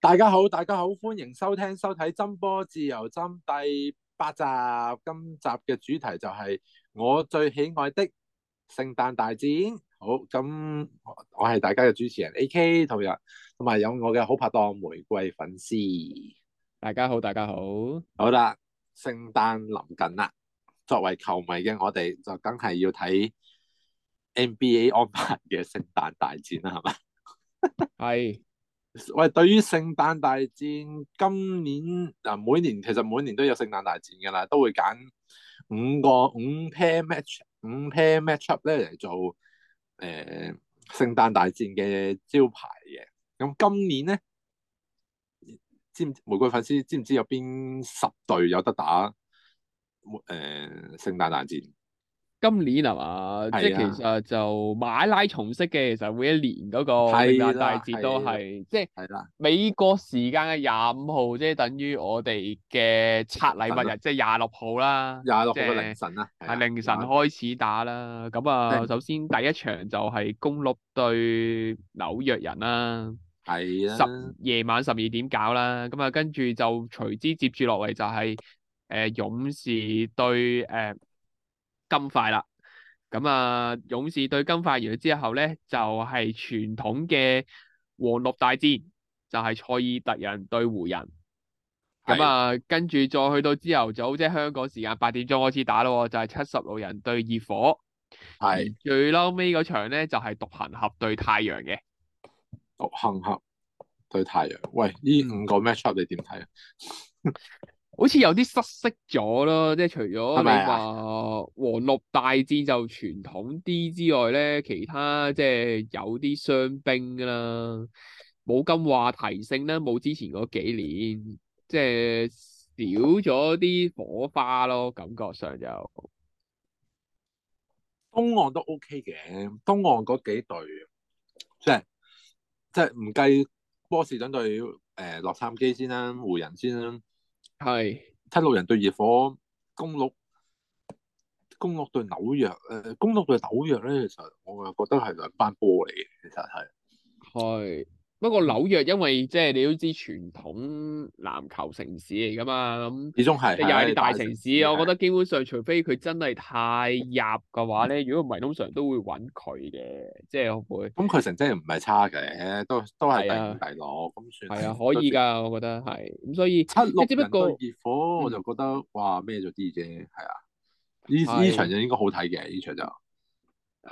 大家好，大家好，歡迎收聽收睇斟波自由斟第八集。今集嘅主題就係、是、我最喜愛的聖誕大戰。好，咁我係大家嘅主持人 A K 同日，同埋有我嘅好拍檔玫瑰粉絲。大家好，大家好。好啦，聖誕臨近啦，作為球迷嘅我哋就梗係要睇 NBA 安排嘅聖誕大戰啦，係嘛？係。 喂，對於聖誕大戰，今年嗱、啊、每年其實每年都有聖誕大戰噶啦，都會揀五個五 pair match 五 pair match up 咧嚟做誒、呃、聖誕大戰嘅招牌嘅。咁、啊、今年咧，知唔玫瑰粉絲知唔知有邊十隊有得打？玫、呃、誒聖誕大戰，今年係嘛？即係其實就馬拉松式嘅，其實每一年嗰個聖誕大節都係，即係美國時間嘅廿五號，即係等於我哋嘅拆禮物日，即係廿六號啦。廿六號凌晨啊，係凌晨開始打啦。咁的啊，的首先第一場就係公鹿對紐約人啦。係啊，十夜晚十二點搞啦。咁啊，跟住就隨之接住落嚟就係、是、誒、呃、勇士對誒、呃、金塊啦。咁啊，勇士對金塊完咗之後咧，就係、是、傳統嘅黃綠大戰，就係、是、賽爾特人對湖人。咁陽啊，跟住再去到朝頭早，即、就、係、是、香港時間八點鐘開始打咯，就係七十六人對熱火。係陽。最嬲尾嗰場咧，就係、是、獨行俠對太陽嘅獨行俠對太陽。喂，呢五個 match up 你點睇啊？ 好似有啲失色咗咯，即係除咗你話黃綠大戰就傳統啲之外咧，其他即係有啲傷兵啦，冇咁話題性啦，冇之前嗰幾年即係少咗啲火花咯，感覺上就東岸都 OK 嘅，東岸嗰幾隊即係即係唔計波士頓隊誒洛杉磯先啦、啊，湖人先啦、啊。係，是七六人對熱火，公鹿，公鹿對紐約，誒、呃，公鹿對紐約呢，其實我又覺得係兩班波嚟，其實係。係。不過紐約因為即係你都知傳統籃球城市嚟噶嘛，咁始終係又係啲大城市。我覺得基本上，除非佢真係太入嘅話咧，如果唔係，通常都會搵佢嘅，即係會。咁佢成績唔係差嘅，都都係第五第六，咁算係啊，可以噶，我覺得係。咁所以七六人都熱火，我就覺得哇咩咗啲啫，係啊。呢呢場就應該好睇嘅，呢場就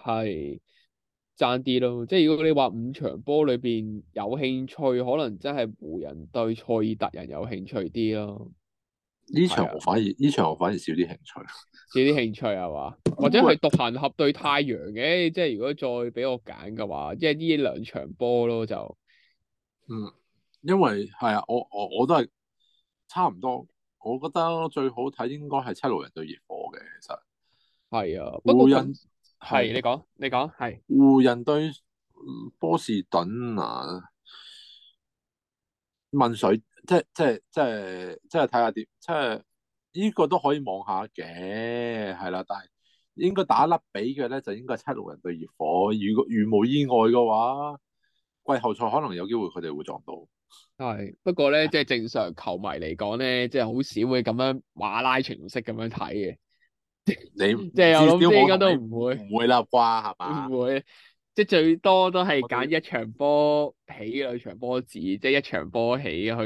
係。爭啲咯，即係如果你話五場波裏邊有興趣，可能真係湖人對賽爾特人有興趣啲咯。呢場我反而呢、啊、場我反而少啲興趣，少啲興趣係嘛？或者係獨行俠對太陽嘅，喂即係如果再俾我揀嘅話，即係呢兩場波咯就，嗯，因為係啊，我我我都係差唔多，我覺得最好睇應該係七六人對熱火嘅其實。係啊，湖無人不過。係、嗯，你講，你講，係。湖人對、嗯、波士頓啊？問水，即係即係即係即係睇下點，即係呢、這個都可以望下嘅，係啦。但係應該打一粒比嘅咧，就應該係七六人對熱火。如果如無意外嘅話，季後賽可能有機會佢哋會撞到。係，不過咧， 即係正常球迷嚟講咧，即係好少會咁樣馬拉松式咁樣睇嘅。 你即係知我諗，應該都唔會唔會啦啩係嘛？唔會，即係、就是、最多都係揀一場波起，兩 場波止，即、就、係、是、一場波起去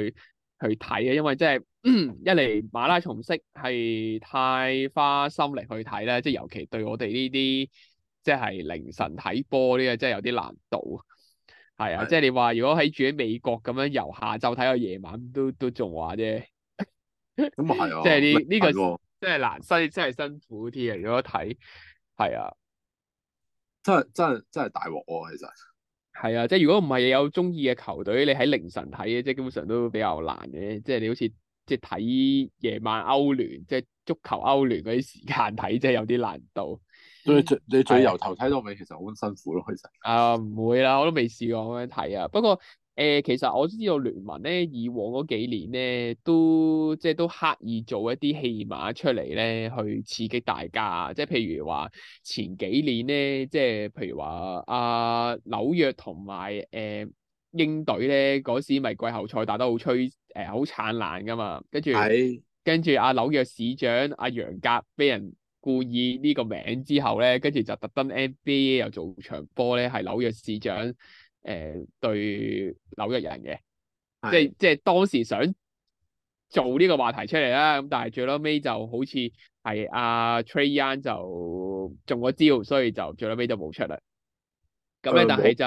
去睇啊！因為即、就、係、是嗯、一嚟馬拉松式係太花心力去睇咧，即、就、係、是、尤其對我哋呢啲即係凌晨睇波呢個，真係有啲難度。係啊，即係、啊、你話如果喺住喺美國咁樣由下晝睇到夜晚都，都都仲話啫。咁啊係啊，即係呢呢個。即係難，真真係辛苦啲啊！如果睇，係啊，真係真係真係大鑊喎！其實係啊，即係如果唔係你有中意嘅球隊，你喺凌晨睇咧，即係基本上都比較難嘅。即係你好似即係睇夜晚歐聯，即係足球歐聯嗰啲時間睇，即係有啲難度。你最你、啊、最由頭睇到尾，其實好辛苦咯，其實。啊，唔會啦，我都未試過咁樣睇啊。不過。誒，其實我知道聯盟咧，以往嗰幾年咧，都即係都刻意做一啲戲碼出嚟咧，去刺激大家。即係譬如話前幾年咧，即係譬如話阿、啊、紐約同埋誒英隊咧，嗰時咪季後賽打得好催，誒、呃、好燦爛噶嘛。跟住，的跟住阿、啊、紐約市長阿、啊、楊格俾人故意呢個名之後咧，跟住就特登 NBA 又做場波咧，係紐約市長。誒、呃，對紐約人嘅的，即係即係當時想做呢個話題出嚟啦，咁但係最屘尾就好似係阿 Trae Young 就中咗招，所以就最屘尾就冇出嚟。咁咧，但係就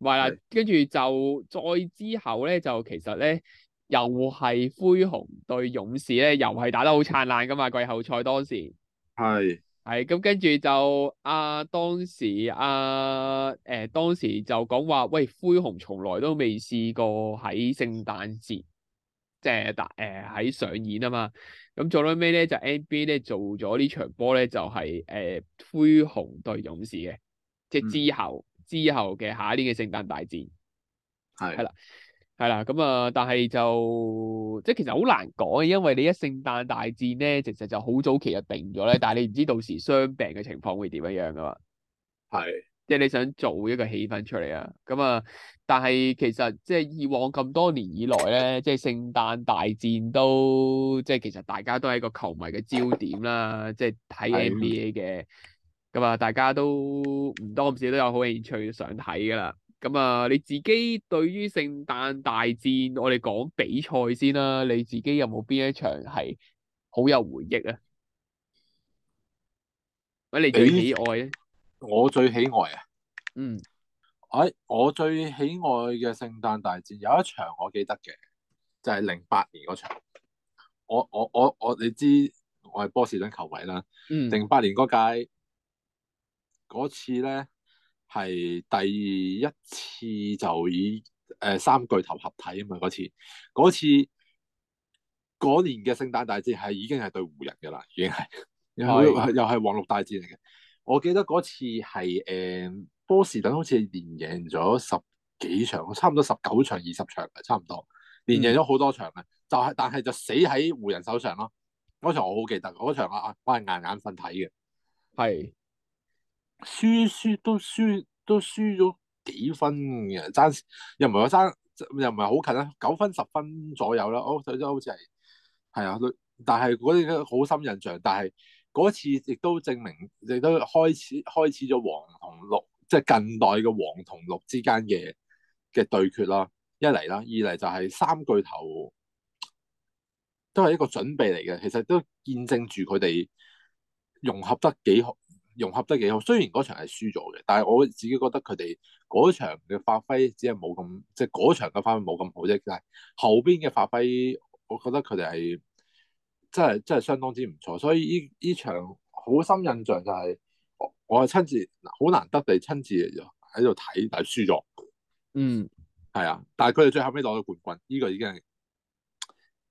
係啦，跟住就再之後咧，就其實咧又係灰熊對勇士咧，又係打得好燦爛噶嘛，季後賽當時。係。係咁，跟住就阿、啊、當時阿誒、啊呃、當時就講話，喂灰熊從來都未試過喺聖誕節即係大誒喺上演啊嘛。咁、嗯、做咗咩咧？就 NBA 咧做咗呢場波咧，就係、是、誒、呃、灰熊對勇士嘅，即係之後、嗯、之後嘅下一年嘅聖誕大戰。係，係啦。係啦，咁啊、嗯，但係就即係其實好難講，因為你一聖誕大戰咧，其實就好早期就定咗咧，但係你唔知到時傷病嘅情況會點樣噶嘛？係的，即係你想做一個氣氛出嚟啊，咁、嗯、啊，但係其實即係以往咁多年以來咧，即係聖誕大戰都即係其實大家都係一個球迷嘅焦點啦，的即係睇 NBA 嘅，咁、嗯、啊，大家都唔多唔少都有好興趣想睇噶啦。咁啊，你自己對於聖誕大戰，我哋講比賽先啦。你自己有冇邊一場係好有回憶啊？喂，你最喜愛咧？我最喜愛啊！嗯，唉、哎，我最喜愛嘅聖誕大戰有一場我記得嘅，就係零八年嗰場。我我我我，你知我係波士頓球迷啦。嗯。零八年嗰屆嗰次咧。係第一次就以誒、呃、三巨頭合體啊嘛，嗰次嗰次嗰年嘅聖誕大戰係已經係對湖人噶啦，已經係又係的又係黃綠大戰嚟嘅。我記得嗰次係誒、呃、波士頓好似連贏咗十幾場，差唔多十九場二十場啊，差唔多連贏咗好多場啊。嗯、就係、是、但係就死喺湖人手上咯。嗰場我好記得，嗰場啊我係捱眼瞓睇嘅，係。輸輸都輸都輸咗幾分嘅，爭又唔係話爭，又唔係好近啦，九分、十分左右啦。好，就都好似係係啊，但係嗰啲都好深印象。但係嗰次亦都證明，亦都開始開始咗黃同綠，即係近代嘅黃同綠之間嘅嘅對決啦。一嚟啦，二嚟就係三巨頭都係一個準備嚟嘅，其實都見證住佢哋融合得幾好。融合得幾好，雖然嗰場係輸咗嘅，但係我自己覺得佢哋嗰場嘅發揮只係冇咁，即係嗰場嘅發揮冇咁好啫。但係後邊嘅發揮，我覺得佢哋係真係真係相當之唔錯。所以依依場好深印象就係、是、我我係親自好難得地親自喺度睇，但係輸咗。嗯，係啊，但係佢哋最後尾攞咗冠軍，呢、這個已經係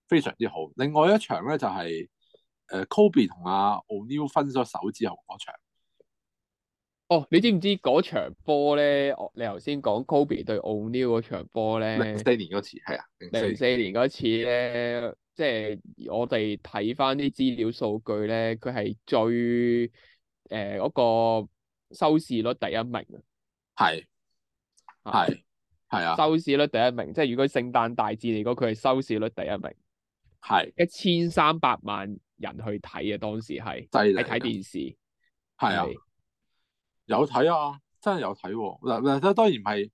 非常之好。另外一場咧就係、是、誒、呃、Kobe 同阿 O’Neal 分咗手之後嗰場。哦，你知唔知嗰場波咧？你頭先講 Kobe 對 O’Neal 嗰場波咧，零四年嗰次係啊，零四年嗰次咧，即係我哋睇翻啲資料數據咧，佢係最誒嗰、呃嗰個收視率第一名係係係啊！收視率第一名，即係如果聖誕大戰嚟講，佢係收視率第一名，係一千三百萬人去睇啊！當時係就係你睇電視，係啊的。有睇啊，真係有睇嗱嗱，都當然唔係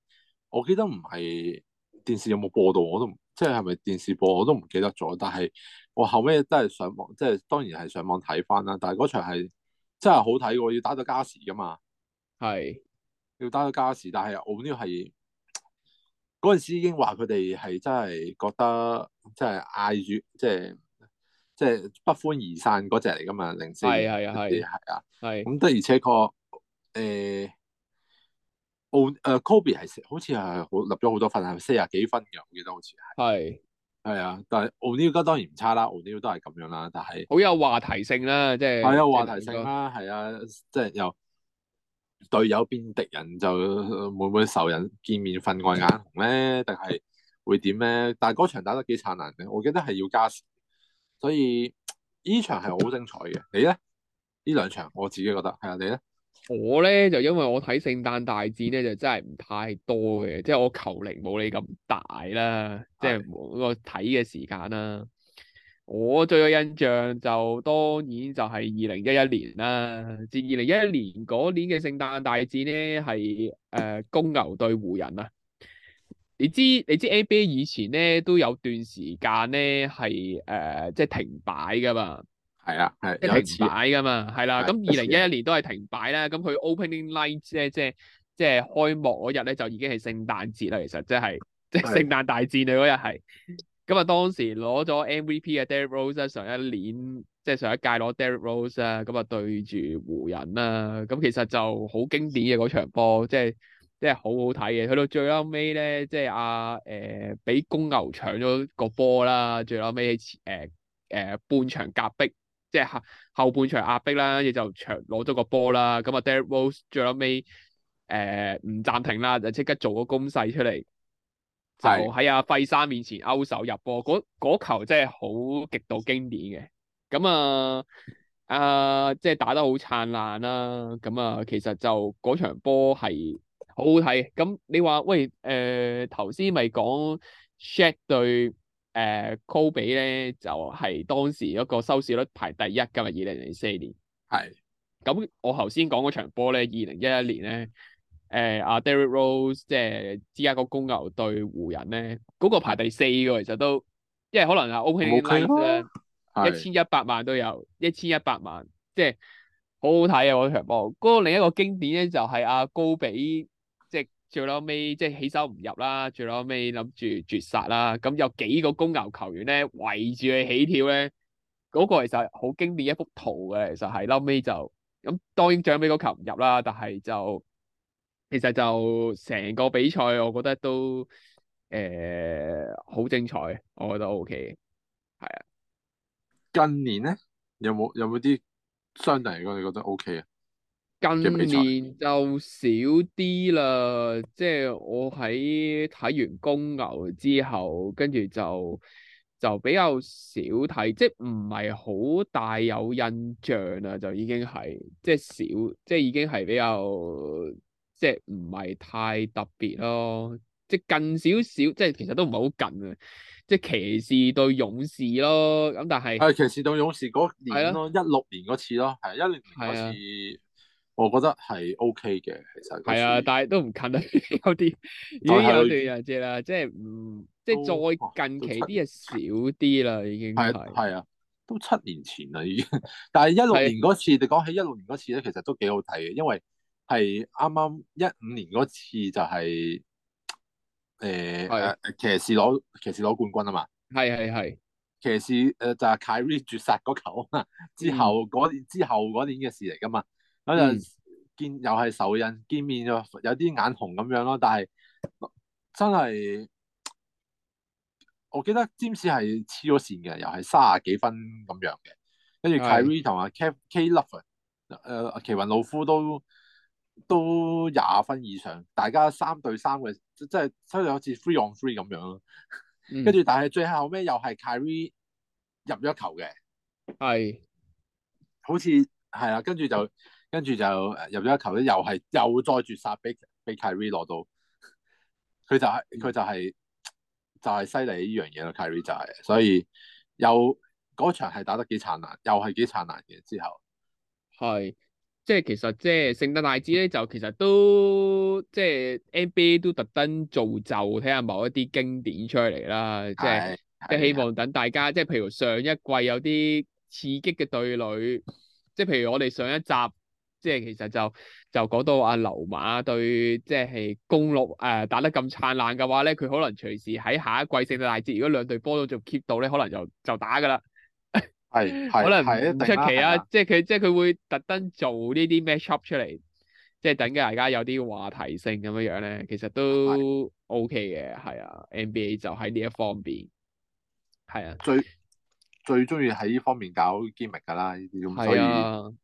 我記得，唔係電視有冇播到，我都即係係咪電視播我都唔記得咗。但係我後尾都係上網，即係當然係上網睇翻啦。但係嗰場係真係好睇嘅，啊，要打到加時噶嘛。係是要打到加時，但係奧尼爾係嗰陣時已經話佢哋係真係覺得即係嗌住，即係即係不歡而散嗰隻嚟噶嘛。零四係啊係啊係啊係咁，的而且確。誒，奧誒、欸 uh,，Kobe 係好似係好立咗好多分，係四十幾分樣，我記得好似係係係啊，但係 O'Neal 當然唔差啦 O'Neal 都係咁樣啦，但係好有話題性啦，即係係有話題性啦，係啊，即係由隊友變敵人就，就會唔會仇人見面分外眼紅咧？定係會點咧？但係嗰場打得幾燦爛嘅，我記得係要加時，所以呢場係好精彩嘅。你咧呢兩場，我自己覺得係啊，你咧？我咧，就因為我睇聖誕大戰咧就真係唔太多嘅，即係我球齡冇你咁大啦，即係我睇嘅時間啦。我最有印象就當然就係二零一一年啦，至二零一一年嗰年嘅聖誕大戰咧係誒公牛對湖人啊。你知你知 NBA 以前咧都有段時間咧係誒即係停擺噶嘛。係啦，係停擺噶嘛，係啦。咁二零一一年都係停擺咧。咁佢 opening night 咧，即係即係開幕嗰日咧，就已經係聖誕節啦。其實即係即係聖誕大戰啊嗰日係。咁啊，當時攞咗 MVP 嘅 Derrick Rose 啊，上一年即係上一屆攞 Derrick Rose 啊。咁啊，對住湖人啦。咁其實就好經典嘅嗰場波，即係即係好好睇嘅。去到最後尾咧，即係阿誒俾公牛搶咗個波啦。最後尾誒誒半場夾逼。即係後半場壓迫啦，亦就場攞咗個波啦。咁、嗯、啊，Derrick Rose 最後尾誒唔暫停啦，就即刻做個攻勢出嚟，就喺阿費山面前勾手入波。嗰球真係好極度經典嘅。咁啊啊，即係打得好燦爛啦。咁、嗯、啊，其實就嗰場波係好好睇。咁、嗯、你話喂誒頭先咪講 Shaq 對？Uh, Kobe 咧就係、是、當時嗰個收視率排第一㗎嘛，二零零四年係。咁的我頭先講嗰場波咧，二零一一年咧，誒、uh, 阿 Derrick Rose 即、就、係、是、芝加哥公牛對湖人咧，嗰、那個排第四㗎，其實都，因為可能阿 Okanen 一千一百萬都有，一千一百萬，即係的、就是、好好睇啊嗰場波。嗰、那個另一個經典咧就係阿高比。Kobe 最後尾，即係起手唔入啦，最後尾，諗住絕殺啦，咁有幾個公牛球員咧圍住佢起跳咧，嗰、那個其實好經典一幅圖嘅，其實就係後尾就咁當然獎俾個球唔入啦，但係就其實就成個比賽我覺得都誒好、呃、精彩，我覺得 O K，係啊。近年咧有冇有冇啲相對嚟講你覺得 O K 啊？近年就少啲啦，即係我喺睇完公牛之後，跟住就就比較少睇，即係唔係好大有印象啦，就已經係即係少，即係已經係比較即係唔係太特別咯，即係近少少，即係其實都唔係好近啊，即係騎士對勇士咯，咁但係係騎士對勇士嗰年係咯，一六、啊、年嗰次咯，係一六年嗰次、啊。我覺得係 OK 嘅，其實係啊，但係都唔近啊，有 啲已經有段日子啦都、嗯，即係唔即係再近期啲嘢少啲啦，已經係係啊，啊，都七年前啦已經，但係一六年嗰次，啊、你講起一六年嗰次咧，其實都幾好睇嘅，因為係啱啱一五年嗰次就係、是、誒，騎、呃啊、士攞騎士攞冠軍啊嘛，係係係，騎士誒就係 Kyrie 絕殺嗰球啊，之後嗰、嗯、之後嗰年嘅事嚟噶嘛。我就見又係仇人，見面又有啲眼紅咁樣咯。但係真係，我記得詹士係黐咗線嘅，又係卅幾分咁樣嘅。跟住 Kyrie 同埋 K K, K Love、er, 阿、呃、奇雲老夫都都廿分以上。大家三對三嘅，即係真係好似 three on three 咁樣咯。跟住，但係最後尾又係 Kyrie 入咗球嘅，係是好似係啦。跟住就。跟住就入咗一球咧，又係又再絕殺，俾俾 Kyrie 攞到。佢就係、是、佢就係、是、就係犀利呢樣嘢咯，Kyrie 就係、是。所以又嗰場係打得幾燦爛，又係幾燦爛嘅。之後係即係其實即係聖誕大戰咧，就其實都即係 NBA 都特登造就睇下某一啲經典出嚟啦。即係即係希望等大家即係譬如上一季有啲刺激嘅對壘，即係譬如我哋上一集。即係其實就就講到阿流馬對即係公鹿誒、呃、打得咁燦爛嘅話咧，佢可能隨時喺下一季聖誕大戰，如果兩隊波都仲 keep 到咧，可能就就打噶 啦。係可能唔出奇啊！即係佢即係佢會特登做呢啲 matchup 出嚟，即係等緊大家有啲話題性咁樣樣咧，其實都 OK 嘅。係啊，是啊，NBA 就喺呢一方面，係啊，最最中意喺呢方面搞 gimmick 噶啦，咁所以。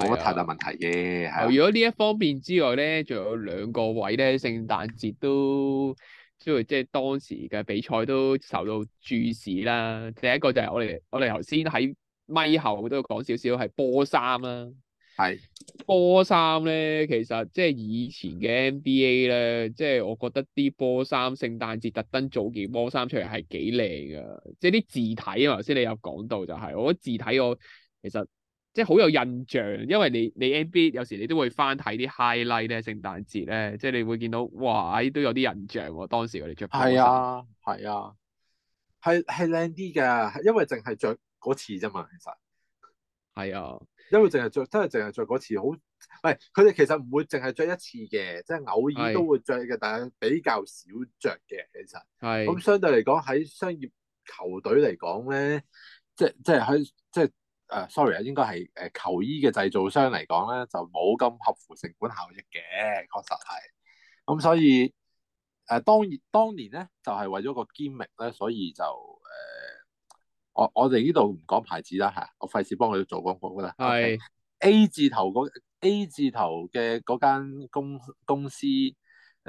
冇乜太大問題嘅，係啊。除咗呢一方面之外咧，仲有兩個位咧，聖誕節都即係即係當時嘅比賽都受到注視啦。第一個就係我哋，我哋頭先喺咪後都講少少，係波衫啦。係波衫咧，其實即係以前嘅 NBA 咧，即係我覺得啲波衫聖誕節特登做件波衫出嚟係幾靚㗎。即係啲字體啊，頭先你有講到就係，我覺得字體我其實。即係好有印象，因為你你 NBA 有時你都會翻睇啲 highlight 咧，聖誕節咧，即係你會見到哇，都有啲印象喎、啊。當時我哋着係啊，係啊，係係靚啲嘅，因為淨係着嗰次啫嘛，其實係啊因，因為淨係着，真係淨係着嗰次，好唔係佢哋其實唔會淨係着一次嘅，即係偶爾都會着嘅，是但係比較少着嘅其實係。咁是相對嚟講喺商業球隊嚟講咧，即係即係喺即係。即誒、uh，sorry 啊，應該係誒、呃、球衣嘅製造商嚟講咧，就冇咁合乎成本效益嘅，確實係。咁、嗯、所以誒、呃，當年當年咧，就係、是、為咗個 gimmick 咧，所以就誒、呃，我我哋呢度唔講牌子啦嚇，我費事幫佢做廣告啦。係是、okay. A 字頭 A 字頭嘅嗰間公公司。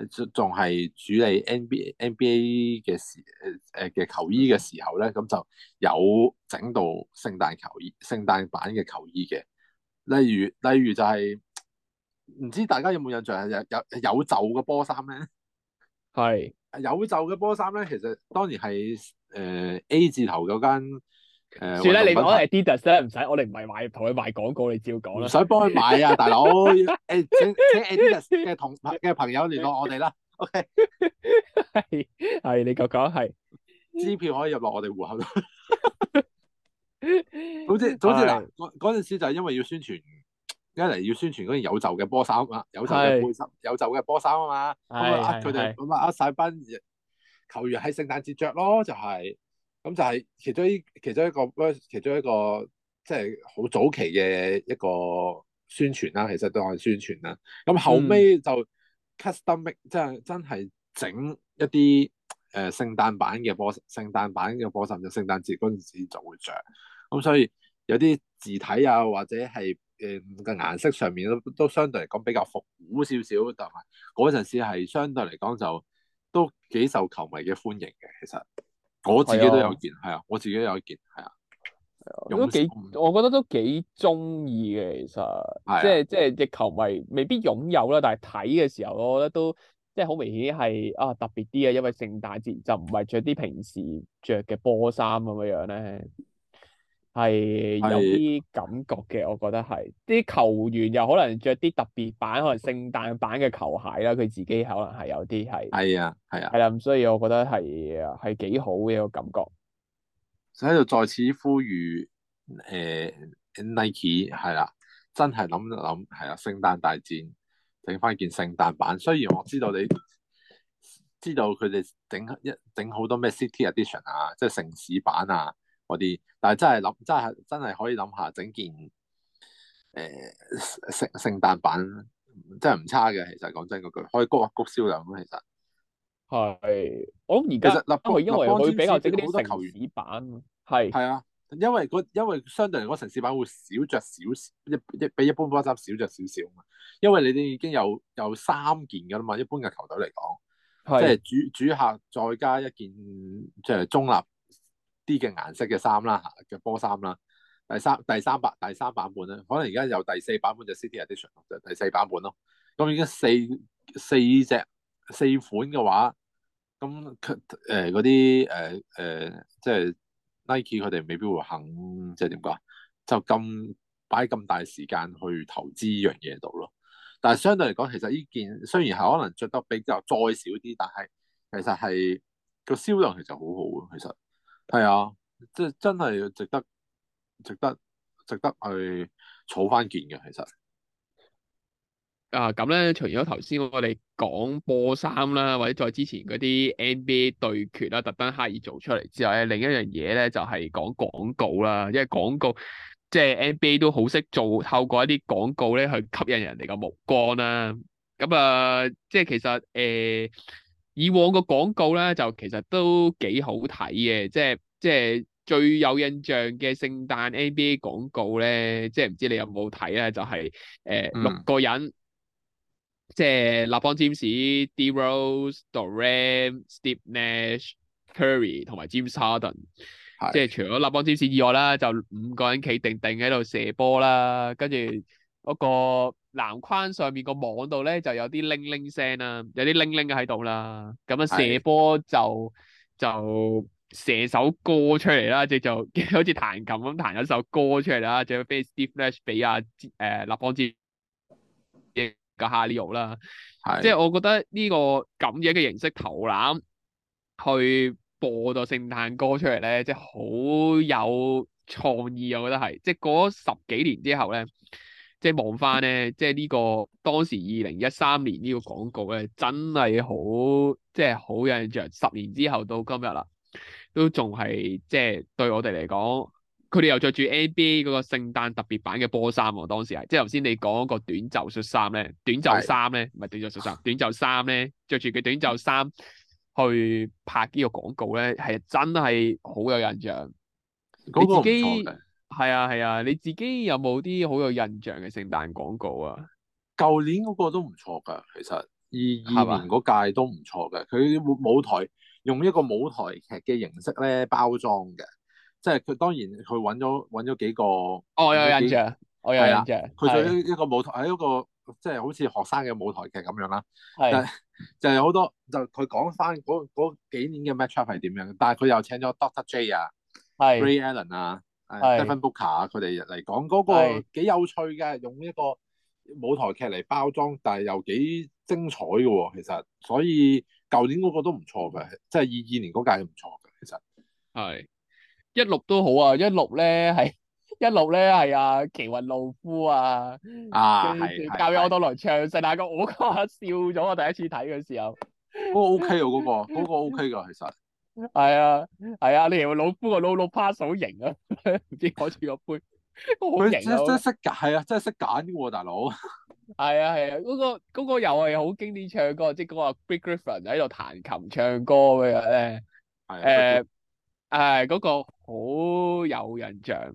仲仲係處理 NBA, NBA NBA 嘅時誒誒嘅球衣嘅時候咧，咁就有整到聖誕球衣、聖誕版嘅球衣嘅。例如例如就係、是、唔知大家有冇印象有有有袖嘅波衫咧？係是有袖嘅波衫咧，其實當然係誒 A 字頭嗰間。算啦，你可能係 Adidas 咧，唔使，我哋唔係賣，同佢賣廣告，你照講啦。唔想幫佢買啊，大佬！誒、欸，請請 Adidas 嘅同嘅朋友聯絡我哋啦。OK，係你講講係，支票可以入落我哋戶口 總。總之是總之嗱，嗰嗰陣時就係因為要宣傳，一嚟要宣傳嗰件有袖嘅波衫啊，有袖嘅背心，有袖嘅波衫啊嘛。咁啊是，佢哋咁啊，阿塞賓球員喺聖誕節着咯，就係、是。咁就係其中一，其中一個，其中一個即係好早期嘅一個宣傳啦、啊。其實都係宣傳啦、啊。咁後尾就 custom 即係真係整一啲誒聖誕版嘅波，聖誕版嘅波衫就聖誕節嗰陣時就會着。咁所以有啲字體啊，或者係誒嘅顏色上面都都相對嚟講比較復古少少，但係嗰陣時係相對嚟講就都幾受球迷嘅歡迎嘅，其實。我自己都有件，係啊，啊我自己都有件，係啊，啊都幾，我覺得都幾中意嘅，其實，啊、即係即係，嘅球迷未必擁有啦，但係睇嘅時候，我覺得都即係好明顯係啊特別啲啊，因為聖誕節就唔係着啲平時着嘅波衫咁樣樣咧。係有啲感覺嘅，我覺得係啲球員又可能着啲特別版，可能聖誕版嘅球鞋啦。佢自己可能係有啲係，係啊，係啊，係啦。咁所以我覺得係啊，係幾好嘅一個感覺。就喺度再次呼籲，誒、呃、Nike 係啦，真係諗一諗，係啊，聖誕大戰整翻件聖誕版。雖然我知道你知道佢哋整一整好多咩 City Edition 啊，即係城市版啊。啲，但係真係諗，真係真係可以諗下整件誒、呃、聖聖誕版，真係唔差嘅。其實講真，個可以谷啊，谷銷量咁其實係，我而家其實嗱，不因為佢比較整好多球員城市版，係係啊，因為我因為相對嚟講城市版會少着少一一比一般波衫少着少少啊嘛，因為你哋已經有有三件㗎啦嘛，一般嘅球隊嚟講，是即係主主客再加一件即係中立。啲嘅顏色嘅衫啦，嚇嘅波衫啦，第三第三版第三版本咧，可能而家有第四版本嘅 City Edition，就第四版本咯。咁已經四四隻四款嘅話，咁誒嗰啲誒誒，即係 Nike 佢哋未必會肯，即係點講？就咁擺咁大時間去投資呢樣嘢度咯。但係相對嚟講，其實呢件雖然係可能着得比較再少啲，但係其實係個銷量其實好好啊嘅，其實。係啊，即係真係值得、值得、值得去儲翻件嘅，其實。啊，咁咧，除咗頭先我哋講波衫啦，或者再之前嗰啲 NBA 對決啦，特登刻意做出嚟之外咧，另一樣嘢咧就係講廣告啦，因為廣告即係 NBA 都好識做，透過一啲廣告咧去吸引人哋嘅目光啦。咁啊，即係其實誒。呃以往個廣告咧，就其實都幾好睇嘅，即係即係最有印象嘅聖誕 NBA 廣告咧，即係唔知你有冇睇咧，就係、是、誒、呃嗯、六個人，即係立邦占士、D. Rose 是、Durant、Steve Nash、Curry 同埋 James Harden，即係除咗立邦占士以外啦，就五個人企定定喺度射波啦，跟住嗰個，籃框上面個網度咧就有啲鈴鈴聲、啊、轟轟啦，有啲鈴鈴喺度啦，咁啊射波就就射首歌出嚟啦，即就好似彈琴咁彈咗首歌出嚟啦，仲有 Steve Nash 俾阿、啊、誒、呃、立邦之嘅個哈利路啦，即係的我覺得呢個咁樣嘅形式投籃去播咗聖誕歌出嚟咧，即係好有創意，我覺得係，即、就、係、是、過咗十幾年之後咧。即係望翻咧，即係呢個當時二零一三年呢個廣告咧，真係好即係好有印象。十年之後到今日啦，都仲係即係對我哋嚟講，佢哋又着住 NBA 嗰個聖誕特別版嘅波衫喎。當時係即係頭先你講個短袖恤衫咧，短袖衫咧唔係短袖恤衫， 短袖衫咧着住嘅短袖衫去拍呢個廣告咧，係真係好有印象。你自己？係啊，係啊，你自己有冇啲好有印象嘅聖誕廣告啊？舊年嗰個都唔錯噶，其實二二年嗰屆都唔錯噶。佢舞台用一個舞台劇嘅形式咧包裝嘅，即係佢當然佢搵咗搵咗幾個。哦，有印象，我有印象。佢做一一個舞台係一個即係好似學生嘅舞台劇咁樣啦。係就係好多就佢講翻嗰嗰幾年嘅 matchup 係點樣，但係佢又請咗 Doctor J 啊，Ray Allen 啊。係。德芬布卡啊，佢哋嚟講嗰個幾有趣嘅，是用一個舞台劇嚟包裝，但係又幾精彩嘅喎、哦。其實，所以舊年嗰個都唔錯嘅，即係二二年嗰屆都唔錯嘅。其實係一六都好啊，一六咧係一六咧係啊，奇雲路夫啊，跟住交俾我當來唱。但係個我個笑咗，我第一次睇嘅時候，我 OK 啊嗰、那個，嗰、那個那個 OK 噶其實。係啊，係啊，你又老夫個老老趴手型啊，唔 知改住個杯，佢、 啊、真真識揀，係啊，真係識揀噶，大佬。係啊係啊，嗰、 啊啊那個、那個又係好經典唱歌，即係嗰個 Big Griffin 就喺度彈琴唱歌咁樣誒誒嗰個好有印象，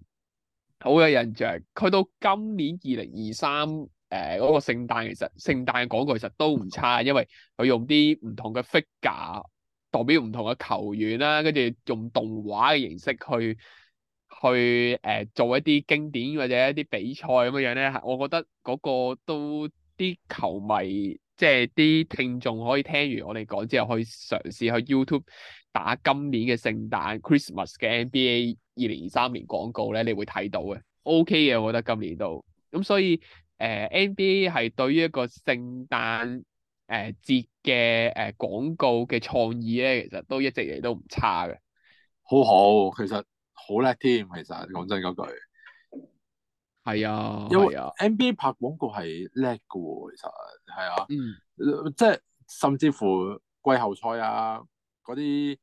好有印象。去到今年二零二三誒嗰個聖誕，其實聖誕嘅廣告其實都唔差，因為佢用啲唔同嘅 figure。代表唔同嘅球員啦、啊，跟住用動畫嘅形式去去誒、呃、做一啲經典或者一啲比賽咁樣咧，我覺得嗰個都啲球迷即係啲聽眾可以聽完我哋講之後，可以嘗試去 YouTube 打今年嘅聖誕 Christmas 嘅 NBA 二零二三年廣告咧，你會睇到嘅，OK 嘅，我覺得今年都咁所以誒、呃、NBA 係對於一個聖誕。誒、呃、節嘅誒、呃、廣告嘅創意咧，其實都一直嚟都唔差嘅。好好，其實好叻添，其實講真嗰句。係啊，啊，因為 NBA 拍廣告係叻嘅喎，其實係啊，嗯，即係甚至乎季後賽啊嗰啲誒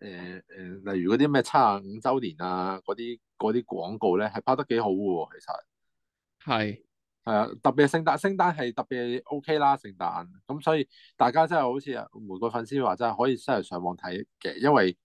誒，例如嗰啲咩七十五周年啊嗰啲啲廣告咧，係拍得幾好喎，其實係。係啊，特別聖誕，聖誕係特別 OK 啦，聖誕。咁所以大家真係好似啊，玫瑰粉絲話真係可以真係上網睇嘅，因為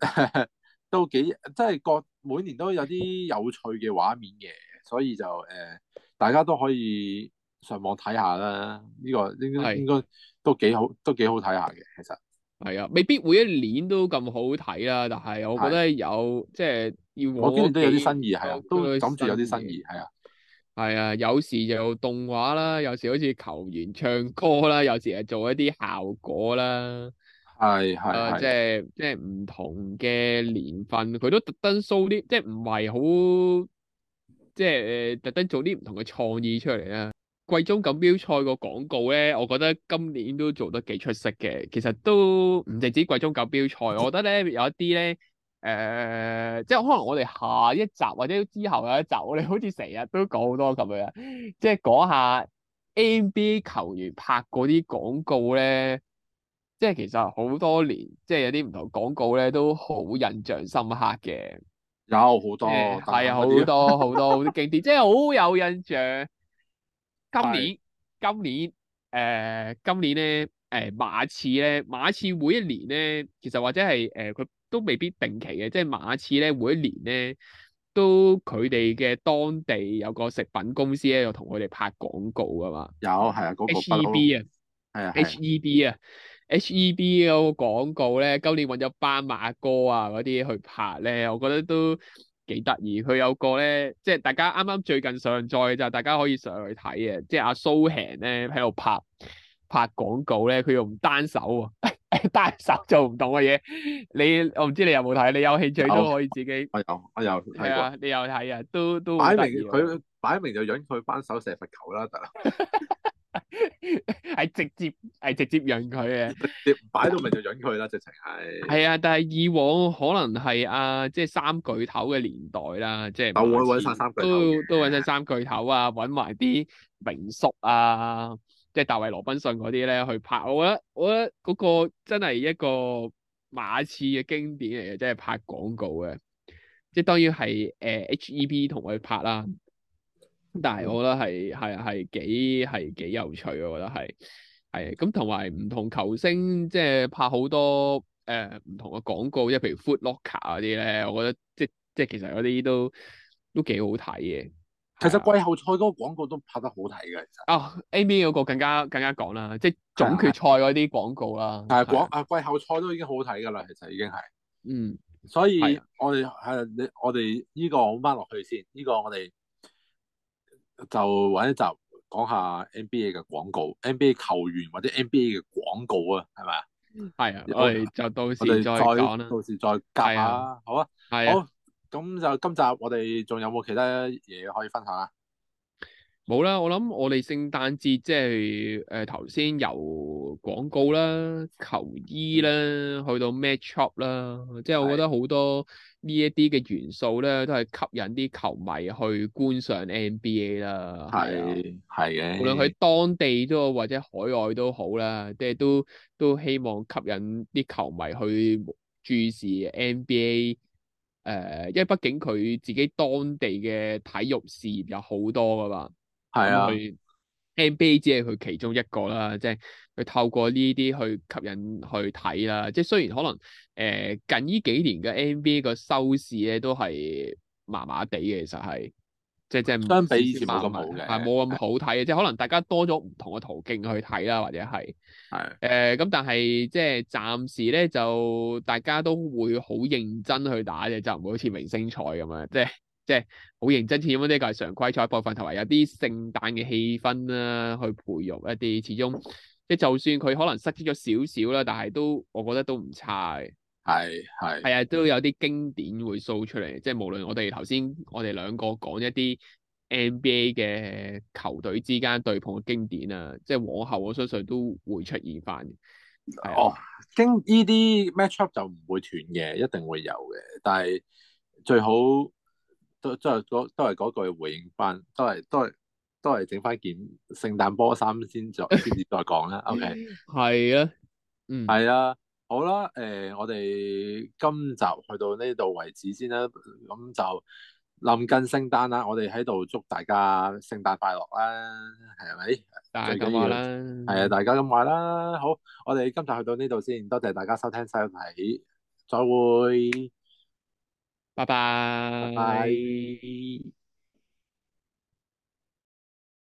都幾即係各每年都有啲有趣嘅畫面嘅，所以就誒、呃、大家都可以上網睇下啦。呢個應該的應該都幾好，都幾好睇下嘅其實。係啊，未必每一年都咁好睇啦，但係我覺得有的即係要我今年都有啲新意，係啊，都諗住有啲新意，係啊的。係啊，有時就動畫啦，有時好似球員唱歌啦，有時係做一啲效果啦，係係啊，即係即係唔同嘅年份，佢都特登 show 啲，即係唔係好，即係誒特登做啲唔同嘅創意出嚟啦。季中錦標賽個廣告咧，我覺得今年都做得幾出色嘅。其實都唔淨止季中錦標賽，我覺得咧有一啲咧。誒、呃，即係可能我哋下一集或者之後有一集，我哋好似成日都講好多咁樣，即係講下 NBA 球員拍嗰啲廣告咧，即係其實好多年，即係有啲唔同廣告咧都好印象深刻嘅，有好多，係啊、呃，好多好多好啲經典，點 即係好有印象。今年，是今年，誒、呃，今年咧，誒、呃，馬刺咧，馬刺每一年咧，其實或者係，誒、呃，佢。都未必定期嘅，即係馬刺咧，每一年咧都佢哋嘅當地有個食品公司咧，又同佢哋拍廣告啊嘛。有，係啊，嗰個 H E B 啊，係啊，H E B 啊，H E B 嗰個廣告咧，今年揾咗斑馬哥啊嗰啲去拍咧，我覺得都幾得意。佢有個咧，即係大家啱啱最近上載就係、大家可以上去睇啊，即係阿蘇漢咧喺度拍拍廣告咧，佢用單手啊。 單手做唔到嘅嘢，你我唔知你有冇睇，你有興趣都可以自己我有，我有。係啊，你又睇啊，都都好得意。擺明佢擺明就允佢反手射罰球啦，得啦。係直接係直接允佢嘅，擺到明就允佢啦，直情係。係啊，但係以往可能係啊，即係三巨頭嘅年代啦，即係我會搵晒三巨頭都搵晒三巨頭啊，搵埋啲名宿啊。即係大衛羅賓遜嗰啲咧去拍，我覺得我覺得嗰個真係一個馬刺嘅經典嚟嘅，即係拍廣告嘅。即係當然係誒、呃、HEB 同佢拍啦，但係我覺得係係係幾係幾有趣，我覺得係係咁，同埋唔同球星即係拍好多誒唔、呃、同嘅廣告，即係譬如 Foot Locker 嗰啲咧，我覺得即即係其實嗰啲都都幾好睇嘅。其實季後賽嗰個廣告都拍得好睇嘅，其實啊、oh,，NBA 嗰個更加更加講啦，即係總決賽嗰啲廣告啦。係廣啊，啊，季後賽都已經好好睇噶啦，其實已經係。嗯，所以我哋係你，我哋呢個我翻落去先，呢、這個我哋就揾一集講下 NBA 嘅廣告，NBA 球員或者 NBA 嘅廣告啊，係咪？係啊，我哋就到時再，講再到時再夾啦、啊啊，好啊，係、啊。好啊咁就今集我哋仲有冇其他嘢可以分享啊？冇啦，我諗我哋聖誕節即係誒頭先由廣告啦、球衣啦，去到 match up 啦，即係我覺得好多呢一啲嘅元素咧，都係吸引啲球迷去觀賞 NBA 啦。係啊，係嘅。無論喺當地都或者海外都好啦，即係都都希望吸引啲球迷去注視 NBA。誒，因為畢竟佢自己當地嘅體育事業有好多噶嘛，係啊、嗯、佢 NBA 只係佢其中一個啦，即係佢透過呢啲去吸引去睇啦。即係雖然可能誒、呃、近呢幾年嘅 NBA 個收視咧都係麻麻地嘅，其實係。即係即係，相比以前冇咁好嘅，係冇咁好睇嘅。即係可能大家多咗唔同嘅途徑去睇啦，或者係係誒咁。但係即係暫時咧，就大家都會好認真去打嘅，就唔會好似明星賽咁樣，即係即係好認真。始終呢一個係常規賽部分，同埋有啲聖誕嘅氣氛啦、啊，去培育一啲。始終即係就算佢可能失職咗少少啦，但係都我覺得都唔差嘅。係係係啊，都有啲經典會 show 出嚟，即係無論我哋頭先我哋兩個講一啲 NBA 嘅球隊之間對碰嘅經典啊，即係往後我相信都會出現翻嘅。哦，經呢啲 matchup 就唔會斷嘅，一定會有嘅。但係最好都都係嗰都係嗰句回應翻，都係都係都係整翻件聖誕波衫先再先 再講啦。OK，係啊，嗯，係啦。好啦，誒、呃，我哋今集去到呢度為止先啦，咁就臨近聖誕啦，我哋喺度祝大家聖誕快樂啦，係咪？大家咁話啦，係啊，大家咁話啦。好，我哋今集去到呢度先，多謝大家收聽收睇，再會，拜拜，拜拜。Bye bye。